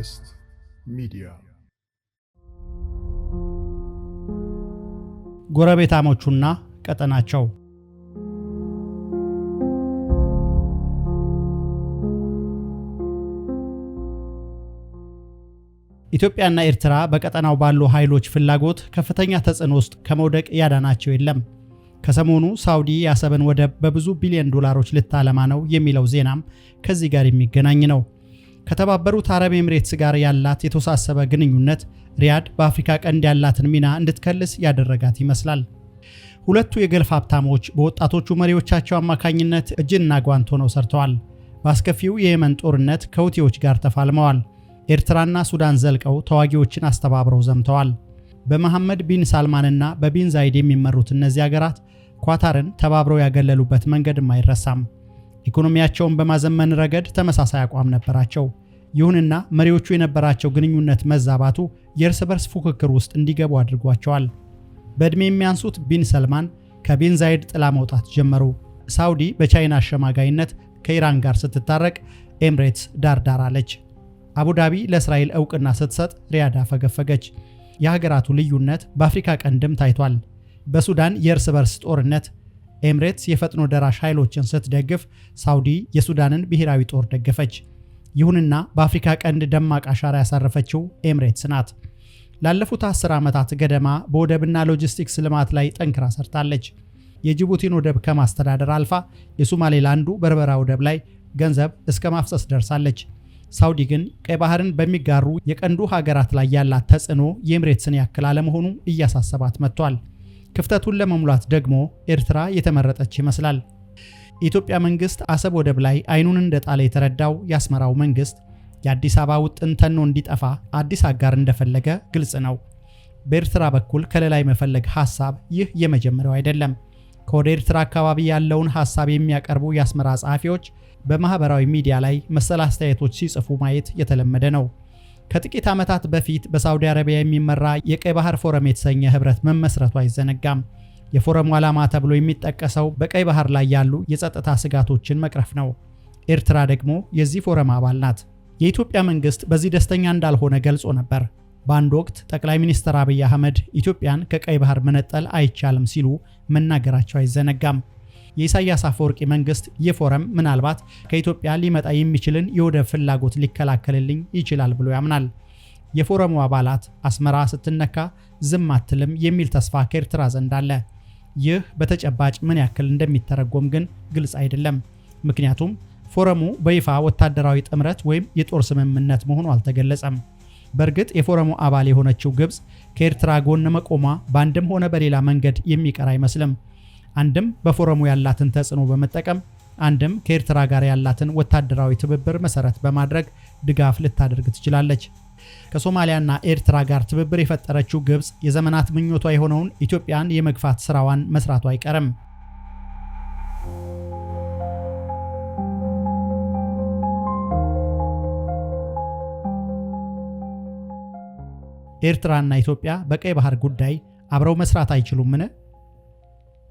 ፖድካስት ሚዲያ ጎረቤታሞቹና ቀጠናቸው ኢትዮጵያና ኤርትራ በቀጠናው ባሉ ኃይሎች ፍላጎት ከፍተኛ ተጽዕኖ ውስጥ ከመውደቅ ያዳናቸው የለም። ከሰሞኑ ሳውዲ የአሰብን ወደብ በብዙ ቢሊዮን ዶላሮች ልታለማ ነው የሚለው ዜናም ከዚህ ጋር የሚገናኝ ነው። ከተባበሩት አረብ ኤምሬትስ ጋር ያላት የተወሳሰበ ግንኙነት ሪያድ በአፍሪካ ቀንድ ያላትን ሚና እንድትከልስ ያደረጋት ይመስላል። ሁለቱ የገልፍ ሀብታሞች በወጣቶቹ መሪዎቻቸው አማካኝነት እጅና ጓንት ሆነው ሰርተዋል። በአስከፊው የየመን ጦርነት ከሁቲዎች ጋር ተፋልመዋል። ኤርትራና ሱዳን ዘልቀው ተዋጊዎችን አስተባብረው ዘምተዋል። በመሐመድ ቢን ሳልማንና በቢን ዛይድ የሚመሩት እነዚህ አገራት ኳታርን ተባብረው ያገለሉበት መንገድም አይረሳም። ኢኮኖሚያቸውን በማዘመን ረገድ ተመሳሳይ አቋም ነበራቸው። ይሁንና መሪዎቹ የነበራቸው ግንኙነት መዛባቱ የእርስ በርስ ፉክክር ውስጥ እንዲገቡ አድርጓቸዋል። በዕድሜ የሚያንሱት ቢን ሰልማን ከቢን ዛይድ ጥላ መውጣት ጀመሩ። ሳውዲ በቻይና አሸማጋይነት ከኢራን ጋር ስትታረቅ ኤምሬትስ ዳርዳር አለች። አቡዳቢ ለእስራኤል እውቅና ስትሰጥ ሪያዳ ፈገፈገች። የሀገራቱ ልዩነት በአፍሪካ ቀንድም ታይቷል። በሱዳን የእርስ በርስ ጦርነት ኤምሬትስ የፈጥኖ ደራሽ ኃይሎችን ስትደግፍ፣ ሳውዲ የሱዳንን ብሔራዊ ጦር ደገፈች። ይሁንና በአፍሪካ ቀንድ ደማቅ አሻራ ያሳረፈችው ኤምሬትስ ናት። ላለፉት አስር ዓመታት ገደማ በወደብና ሎጂስቲክስ ልማት ላይ ጠንክራ ሰርታለች። የጅቡቲን ወደብ ከማስተዳደር አልፋ የሶማሌላንዱ በርበራ ወደብ ላይ ገንዘብ እስከ ማፍሰስ ደርሳለች። ሳውዲ ግን ቀይ ባህርን በሚጋሩ የቀንዱ ሀገራት ላይ ያላት ተጽዕኖ የኤምሬትስን ያክል አለመሆኑ እያሳሰባት መጥቷል። ክፍተቱን ለመሙላት ደግሞ ኤርትራ የተመረጠች ይመስላል። የኢትዮጵያ መንግስት አሰብ ወደብ ላይ አይኑን እንደጣለ የተረዳው የአስመራው መንግስት የአዲስ አበባ ውጥን ተኖ እንዲጠፋ አዲስ አጋር እንደፈለገ ግልጽ ነው። በኤርትራ በኩል ከለላ የመፈለግ ሐሳብ ይህ የመጀመሪያው አይደለም። ከወደ ኤርትራ አካባቢ ያለውን ሐሳብ የሚያቀርቡ የአስመራ ጸሐፊዎች በማኅበራዊ ሚዲያ ላይ መሰል አስተያየቶች ሲጽፉ ማየት የተለመደ ነው። ከጥቂት ዓመታት በፊት በሳውዲ አረቢያ የሚመራ የቀይ ባህር ፎረም የተሰኘ ህብረት መመስረቱ አይዘነጋም። የፎረሙ ዓላማ ተብሎ የሚጠቀሰው በቀይ ባህር ላይ ያሉ የጸጥታ ስጋቶችን መቅረፍ ነው። ኤርትራ ደግሞ የዚህ ፎረም አባል ናት። የኢትዮጵያ መንግስት በዚህ ደስተኛ እንዳልሆነ ገልጾ ነበር። በአንድ ወቅት ጠቅላይ ሚኒስትር አብይ አህመድ ኢትዮጵያን ከቀይ ባህር መነጠል አይቻልም ሲሉ መናገራቸው አይዘነጋም። የኢሳያስ አፈወርቂ መንግስት ይህ ፎረም ምናልባት ከኢትዮጵያ ሊመጣ የሚችልን የወደብ ፍላጎት ሊከላከልልኝ ይችላል ብሎ ያምናል። የፎረሙ አባላት አስመራ ስትነካ ዝም አትልም የሚል ተስፋ ከኤርትራ ዘንድ አለ። ይህ በተጨባጭ ምን ያክል እንደሚተረጎም ግን ግልጽ አይደለም። ምክንያቱም ፎረሙ በይፋ ወታደራዊ ጥምረት ወይም የጦር ስምምነት መሆኑ አልተገለጸም። በእርግጥ የፎረሙ አባል የሆነችው ግብፅ ከኤርትራ ጎን መቆሟ በአንድም ሆነ በሌላ መንገድ የሚቀር አይመስልም። አንድም በፎረሙ ያላትን ተጽዕኖ በመጠቀም አንድም ከኤርትራ ጋር ያላትን ወታደራዊ ትብብር መሰረት በማድረግ ድጋፍ ልታደርግ ትችላለች። ከሶማሊያና ኤርትራ ጋር ትብብር የፈጠረችው ግብፅ የዘመናት ምኞቷ የሆነውን ኢትዮጵያን የመግፋት ስራዋን መስራቱ አይቀርም። ኤርትራና ኢትዮጵያ በቀይ ባህር ጉዳይ አብረው መስራት አይችሉምን?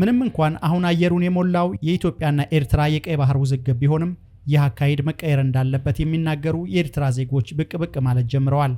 ምንም እንኳን አሁን አየሩን የሞላው የኢትዮጵያና ኤርትራ የቀይ ባህር ውዝግብ ቢሆንም ይህ አካሄድ መቀየር እንዳለበት የሚናገሩ የኤርትራ ዜጎች ብቅ ብቅ ማለት ጀምረዋል።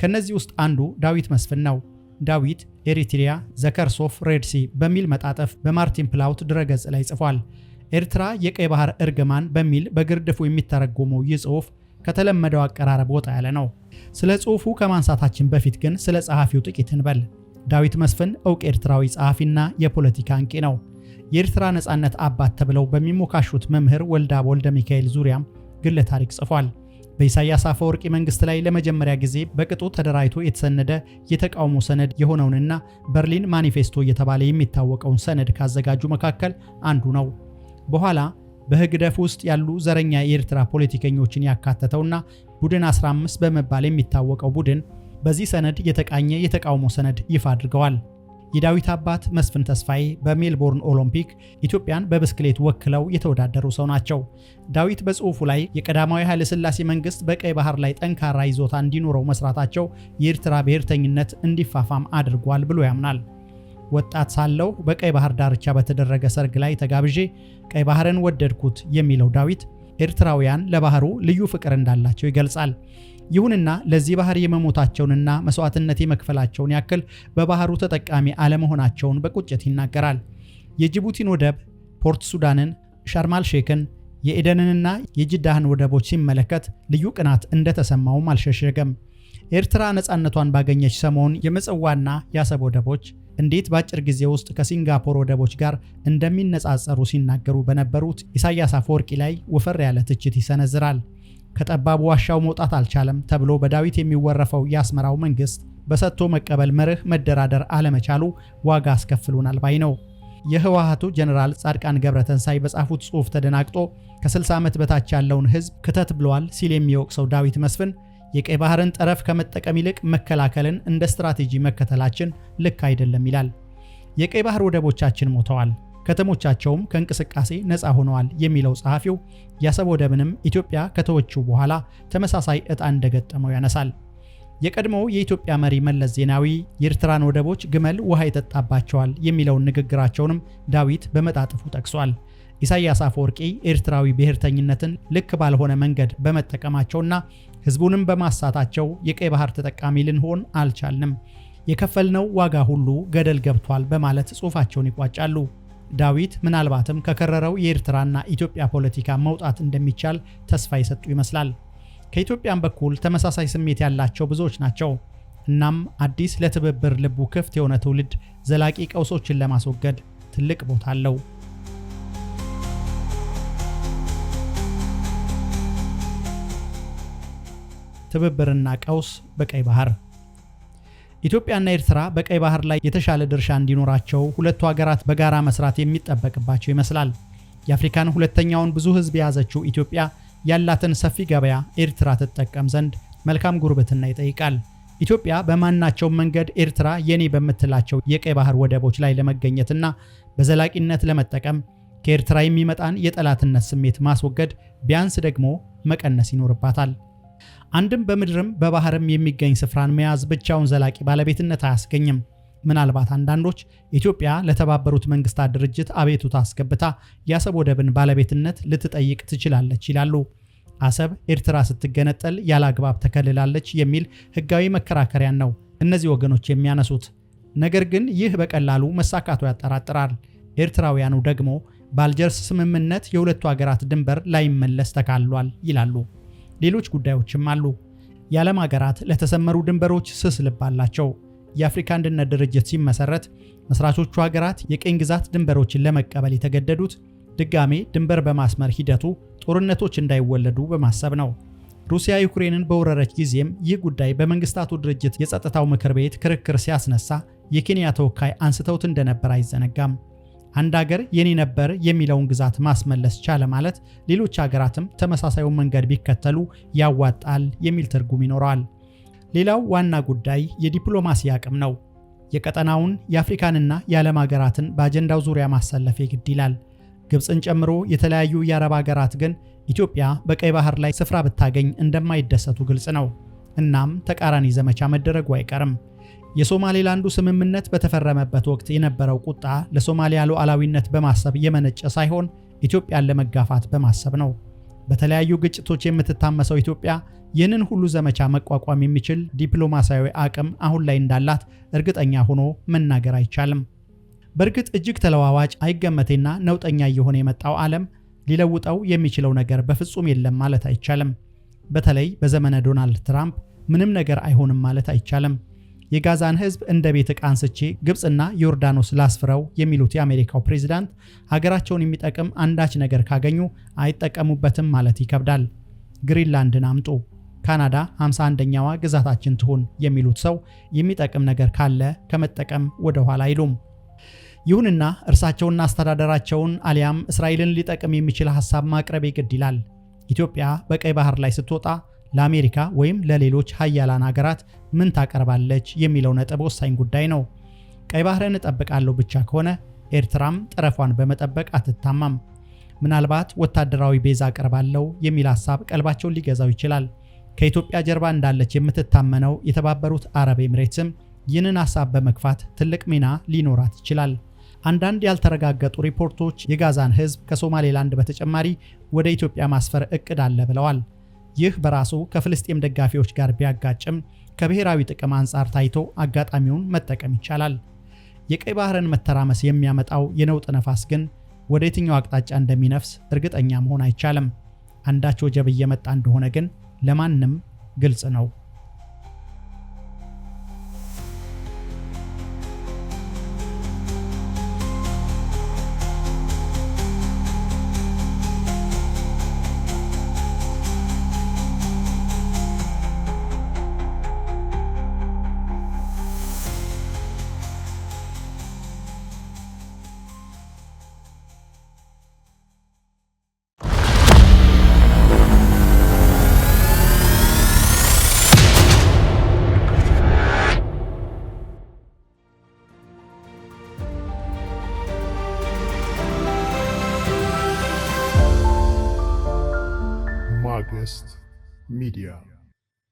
ከእነዚህ ውስጥ አንዱ ዳዊት መስፍን ነው። ዳዊት ኤሪትሪያ ዘከርሶፍ ሬድሲ በሚል መጣጠፍ በማርቲን ፕላውት ድረገጽ ላይ ጽፏል። ኤርትራ የቀይ ባህር እርግማን በሚል በግርድፉ የሚተረጎመው ይህ ጽሑፍ ከተለመደው አቀራረብ ወጣ ያለ ነው። ስለ ጽሑፉ ከማንሳታችን በፊት ግን ስለ ጸሐፊው ጥቂት እንበል። ዳዊት መስፍን እውቅ ኤርትራዊ ጸሐፊና የፖለቲካ አንቂ ነው። የኤርትራ ነፃነት አባት ተብለው በሚሞካሹት መምህር ወልደአብ ወልደ ሚካኤል ዙሪያም ግለ ታሪክ ጽፏል። በኢሳያስ አፈወርቂ መንግስት ላይ ለመጀመሪያ ጊዜ በቅጡ ተደራጅቶ የተሰነደ የተቃውሞ ሰነድ የሆነውንና በርሊን ማኒፌስቶ እየተባለ የሚታወቀውን ሰነድ ካዘጋጁ መካከል አንዱ ነው። በኋላ በህግደፍ ውስጥ ያሉ ዘረኛ የኤርትራ ፖለቲከኞችን ያካተተውና ቡድን 15 በመባል የሚታወቀው ቡድን በዚህ ሰነድ የተቃኘ የተቃውሞ ሰነድ ይፋ አድርገዋል። የዳዊት አባት መስፍን ተስፋዬ በሜልቦርን ኦሎምፒክ ኢትዮጵያን በብስክሌት ወክለው የተወዳደሩ ሰው ናቸው። ዳዊት በጽሑፉ ላይ የቀዳማዊ ኃይለሥላሴ መንግሥት መንግስት በቀይ ባህር ላይ ጠንካራ ይዞታ እንዲኖረው መስራታቸው የኤርትራ ብሔርተኝነት እንዲፋፋም አድርጓል ብሎ ያምናል። ወጣት ሳለሁ በቀይ ባህር ዳርቻ በተደረገ ሰርግ ላይ ተጋብዤ ቀይ ባህርን ወደድኩት የሚለው ዳዊት ኤርትራውያን ለባህሩ ልዩ ፍቅር እንዳላቸው ይገልጻል። ይሁንና ለዚህ ባህር የመሞታቸውንና መስዋዕትነት የመክፈላቸውን ያክል በባህሩ ተጠቃሚ አለመሆናቸውን በቁጭት ይናገራል። የጅቡቲን ወደብ፣ ፖርት ሱዳንን፣ ሻርማል ሼክን፣ የኤደንንና የጅዳህን ወደቦች ሲመለከት ልዩ ቅናት እንደተሰማውም አልሸሸገም። ኤርትራ ነፃነቷን ባገኘች ሰሞን የምጽዋና የአሰብ ወደቦች እንዴት በአጭር ጊዜ ውስጥ ከሲንጋፖር ወደቦች ጋር እንደሚነጻጸሩ ሲናገሩ በነበሩት ኢሳያስ አፈወርቂ ላይ ወፈር ያለ ትችት ይሰነዝራል። ከጠባቡ ዋሻው መውጣት አልቻለም ተብሎ በዳዊት የሚወረፈው የአስመራው መንግስት በሰጥቶ መቀበል መርህ መደራደር አለመቻሉ ዋጋ አስከፍሎናል ባይ ነው። የህወሓቱ ጀኔራል ጻድቃን ገብረተንሳይ በጻፉት ጽሑፍ ተደናግጦ ከ60 ዓመት በታች ያለውን ህዝብ ክተት ብለዋል ሲል የሚወቅሰው ዳዊት መስፍን የቀይ ባህርን ጠረፍ ከመጠቀም ይልቅ መከላከልን እንደ ስትራቴጂ መከተላችን ልክ አይደለም ይላል። የቀይ ባህር ወደቦቻችን ሞተዋል። ከተሞቻቸውም ከእንቅስቃሴ ነፃ ሆነዋል የሚለው ጸሐፊው የአሰብ ወደብንም ኢትዮጵያ ከተወችው በኋላ ተመሳሳይ ዕጣ እንደገጠመው ያነሳል። የቀድሞው የኢትዮጵያ መሪ መለስ ዜናዊ የኤርትራን ወደቦች ግመል ውሃ ይጠጣባቸዋል የሚለውን ንግግራቸውንም ዳዊት በመጣጥፉ ጠቅሷል። ኢሳያስ አፈወርቂ ኤርትራዊ ብሔርተኝነትን ልክ ባልሆነ መንገድ በመጠቀማቸውና ሕዝቡንም በማሳታቸው የቀይ ባህር ተጠቃሚ ልንሆን አልቻልንም፣ የከፈልነው ዋጋ ሁሉ ገደል ገብቷል በማለት ጽሑፋቸውን ይቋጫሉ። ዳዊት ምናልባትም ከከረረው የኤርትራና ኢትዮጵያ ፖለቲካ መውጣት እንደሚቻል ተስፋ የሰጡ ይመስላል። ከኢትዮጵያም በኩል ተመሳሳይ ስሜት ያላቸው ብዙዎች ናቸው። እናም አዲስ ለትብብር ልቡ ክፍት የሆነ ትውልድ ዘላቂ ቀውሶችን ለማስወገድ ትልቅ ቦታ አለው። ትብብርና ቀውስ በቀይ ባህር ኢትዮጵያና ኤርትራ በቀይ ባህር ላይ የተሻለ ድርሻ እንዲኖራቸው ሁለቱ ሀገራት በጋራ መስራት የሚጠበቅባቸው ይመስላል። የአፍሪካን ሁለተኛውን ብዙ ህዝብ የያዘችው ኢትዮጵያ ያላትን ሰፊ ገበያ ኤርትራ ትጠቀም ዘንድ መልካም ጉርብትና ይጠይቃል። ኢትዮጵያ በማናቸው መንገድ ኤርትራ የኔ በምትላቸው የቀይ ባህር ወደቦች ላይ ለመገኘትና በዘላቂነት ለመጠቀም ከኤርትራ የሚመጣን የጠላትነት ስሜት ማስወገድ ቢያንስ ደግሞ መቀነስ ይኖርባታል። አንድም በምድርም በባህርም የሚገኝ ስፍራን መያዝ ብቻውን ዘላቂ ባለቤትነት አያስገኝም። ምናልባት አንዳንዶች ኢትዮጵያ ለተባበሩት መንግስታት ድርጅት አቤቱታ አስገብታ የአሰብ ወደብን ባለቤትነት ልትጠይቅ ትችላለች ይላሉ። አሰብ ኤርትራ ስትገነጠል ያለ አግባብ ተከልላለች የሚል ህጋዊ መከራከሪያን ነው እነዚህ ወገኖች የሚያነሱት። ነገር ግን ይህ በቀላሉ መሳካቱ ያጠራጥራል። ኤርትራውያኑ ደግሞ በአልጀርስ ስምምነት የሁለቱ ሀገራት ድንበር ላይመለስ ተካሏል ይላሉ። ሌሎች ጉዳዮችም አሉ። የዓለም ሀገራት ለተሰመሩ ድንበሮች ስስ ልብ አላቸው። የአፍሪካ አንድነት ድርጅት ሲመሰረት መስራቾቹ ሀገራት የቅኝ ግዛት ድንበሮችን ለመቀበል የተገደዱት ድጋሜ ድንበር በማስመር ሂደቱ ጦርነቶች እንዳይወለዱ በማሰብ ነው። ሩሲያ ዩክሬንን በወረረች ጊዜም ይህ ጉዳይ በመንግስታቱ ድርጅት የጸጥታው ምክር ቤት ክርክር ሲያስነሳ የኬንያ ተወካይ አንስተውት እንደነበር አይዘነጋም። አንድ አገር የኔ ነበር የሚለውን ግዛት ማስመለስ ቻለ ማለት ሌሎች አገራትም ተመሳሳዩን መንገድ ቢከተሉ ያዋጣል የሚል ትርጉም ይኖረዋል። ሌላው ዋና ጉዳይ የዲፕሎማሲ አቅም ነው። የቀጠናውን የአፍሪካንና የዓለም ሀገራትን በአጀንዳው ዙሪያ ማሰለፍ ግድ ይላል። ግብፅን ጨምሮ የተለያዩ የአረብ ሀገራት ግን ኢትዮጵያ በቀይ ባህር ላይ ስፍራ ብታገኝ እንደማይደሰቱ ግልጽ ነው። እናም ተቃራኒ ዘመቻ መደረጉ አይቀርም። የሶማሌላንዱ ስምምነት በተፈረመበት ወቅት የነበረው ቁጣ ለሶማሊያ ሉዓላዊነት በማሰብ የመነጨ ሳይሆን ኢትዮጵያን ለመጋፋት በማሰብ ነው። በተለያዩ ግጭቶች የምትታመሰው ኢትዮጵያ ይህንን ሁሉ ዘመቻ መቋቋም የሚችል ዲፕሎማሲያዊ አቅም አሁን ላይ እንዳላት እርግጠኛ ሆኖ መናገር አይቻልም። በእርግጥ እጅግ ተለዋዋጭ፣ አይገመቴና ነውጠኛ እየሆነ የመጣው ዓለም ሊለውጠው የሚችለው ነገር በፍጹም የለም ማለት አይቻልም። በተለይ በዘመነ ዶናልድ ትራምፕ ምንም ነገር አይሆንም ማለት አይቻልም። የጋዛን ህዝብ እንደ ቤት ዕቃ አንስቼ ግብፅና ዮርዳኖስ ላስፍረው የሚሉት የአሜሪካው ፕሬዚዳንት ሀገራቸውን የሚጠቅም አንዳች ነገር ካገኙ አይጠቀሙበትም ማለት ይከብዳል። ግሪንላንድን አምጡ፣ ካናዳ 51ኛዋ ግዛታችን ትሁን የሚሉት ሰው የሚጠቅም ነገር ካለ ከመጠቀም ወደ ኋላ አይሉም። ይሁንና እርሳቸውና አስተዳደራቸውን አሊያም እስራኤልን ሊጠቅም የሚችል ሀሳብ ማቅረብ ግድ ይላል። ኢትዮጵያ በቀይ ባህር ላይ ስትወጣ ለአሜሪካ ወይም ለሌሎች ሀያላን ሀገራት ምን ታቀርባለች የሚለው ነጥብ ወሳኝ ጉዳይ ነው። ቀይ ባህርን እጠብቃለሁ ብቻ ከሆነ ኤርትራም ጠረፏን በመጠበቅ አትታማም። ምናልባት ወታደራዊ ቤዛ አቀርባለሁ የሚል ሀሳብ ቀልባቸውን ሊገዛው ይችላል። ከኢትዮጵያ ጀርባ እንዳለች የምትታመነው የተባበሩት አረብ ኤምሬትስም ይህንን ሀሳብ በመግፋት ትልቅ ሚና ሊኖራት ይችላል። አንዳንድ ያልተረጋገጡ ሪፖርቶች የጋዛን ህዝብ ከሶማሌላንድ በተጨማሪ ወደ ኢትዮጵያ ማስፈር እቅድ አለ ብለዋል። ይህ በራሱ ከፍልስጤም ደጋፊዎች ጋር ቢያጋጭም ከብሔራዊ ጥቅም አንጻር ታይቶ አጋጣሚውን መጠቀም ይቻላል። የቀይ ባህርን መተራመስ የሚያመጣው የነውጥ ነፋስ ግን ወደ የትኛው አቅጣጫ እንደሚነፍስ እርግጠኛ መሆን አይቻልም። አንዳች ወጀብ እየመጣ እንደሆነ ግን ለማንም ግልጽ ነው። media.